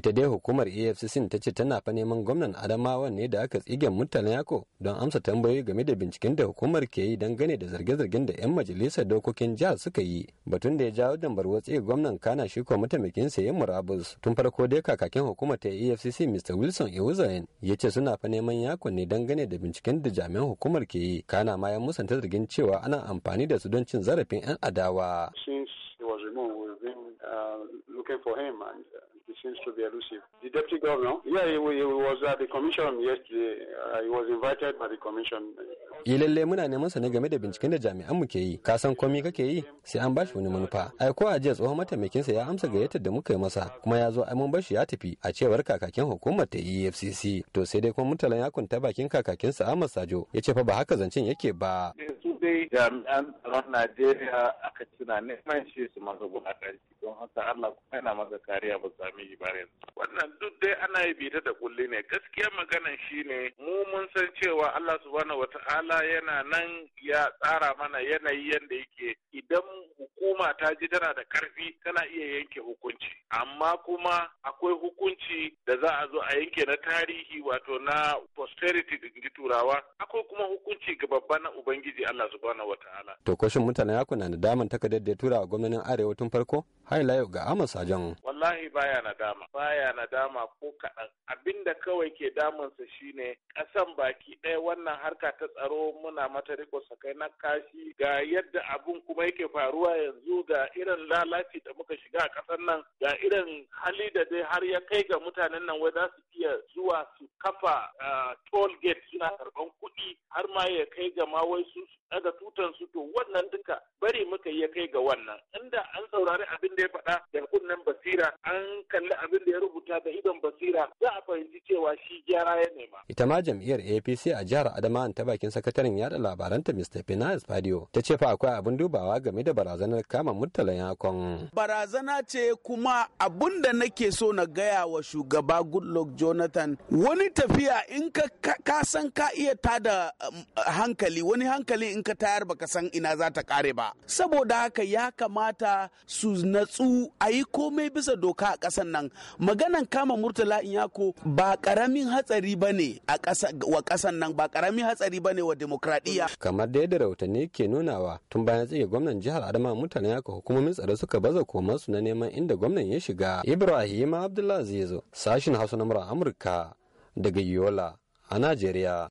ita dai hukumar afcc ta ce tana fa neman gwamnan adamawa ne da aka tsige mutanen yako don amsa tambayoyi game da binciken da hukumar ke yi dangane da zarge-zargen da 'yan majalisar dokokin jihar suka yi batun da ya jawo dambar watsi gwamnan kana shi ko mataimakin sayan murabus tun farko dai kakakin hukumar ta afcc mr wilson ewuzayen ya ce suna fa neman yako ne dangane da binciken da jami'an hukumar ke yi kana ma ya musanta zargin cewa ana amfani da su don cin zarafin 'yan adawa. to be elusive. The deputy governor, yeah, he, he was at the commission yesterday. Uh, was invited by the commission. Eh, lalle muna neman sa ne game da binciken da jami'an mu ke yi. Ka san komai kake yi sai an bashi wani manufa. Ai ko a jiya tsohon mataimakin sa ya amsa gayyatar da muka yi masa kuma ya zo ai mun bashi ya tafi a cewar kakakin hukumar ta EFCC. To sai dai kuma mutalan ya kunta bakin kakakin sa Ahmad Sajo ya ce fa ba haka zancen yake ba. Eh, dai jami'an tsaron Najeriya aka tuna neman shi su masa wulaƙanci don haka Allah kuma yana masa kariya ba sami shi Wannan duk dai ana yi bita da kulli ne gaskiya maganan shi ne mu mun san cewa Allah subhanahu ta'ala yana nan ya tsara mana yanayi yanda yake idan hukuma ta ji tana da karfi tana iya yanke hukunci amma kuma akwai hukunci da za a zo a yanke na tarihi wato na posterity da turawa akwai kuma hukunci ga babba na ubangiji Allah subhanahu wataala to koshin mutane ya kuna da daman takardar da ya tura wa gwamnatin arewa tun farko har ga Ahmad Sajan wallahi baya nadama baya nadama ko kaɗan abinda kawai ke damunsa shine ƙasan baki ɗaya wannan harka ta tsaro muna mata riko sakai na kashi ga yadda abun kuma yake faruwa yanzu ga irin lalaci da muka shiga a ƙasar nan ga irin hali da dai har ya kai ga mutanen nan wai za su iya zuwa su kafa toll gate suna karɓan kuɗi har ma ya kai ga ma wai su daga tutan su to wannan duka bari muka ya kai ga wannan inda an saurari abin da ya faɗa da kunnen ba basira an kalli abin da ya rubuta da idon basira za a fahimci cewa shi gyara ya nema. Ita ma jam'iyyar APC a jihar Adama ta bakin sakataren yada labaranta Mr. Finance Fadio ta ce fa akwai abin dubawa game da barazanar kama murtala yakon. Barazana ce kuma abun da nake so na gaya wa shugaba Goodluck Jonathan wani tafiya in ka ka san ka iya tada um, hankali wani hankali in ka tayar baka san ina za ta kare ba. Saboda haka ya kamata su natsu a yi komai bisa doka a ƙasar nan maganan kama murtala in yako ba karamin hatsari ba ne wa ƙasar nan ba karamin hatsari ba ne wa demokradiyya kamar da yadda rahotanni ke nunawa tun bayan tsige gwamnan jihar adama mutane yako hukumomin tsaro suka baza koma su na neman inda gwamnan ya shiga ibrahim abdullahi zezo sashin hausa na amurka daga yola a najeriya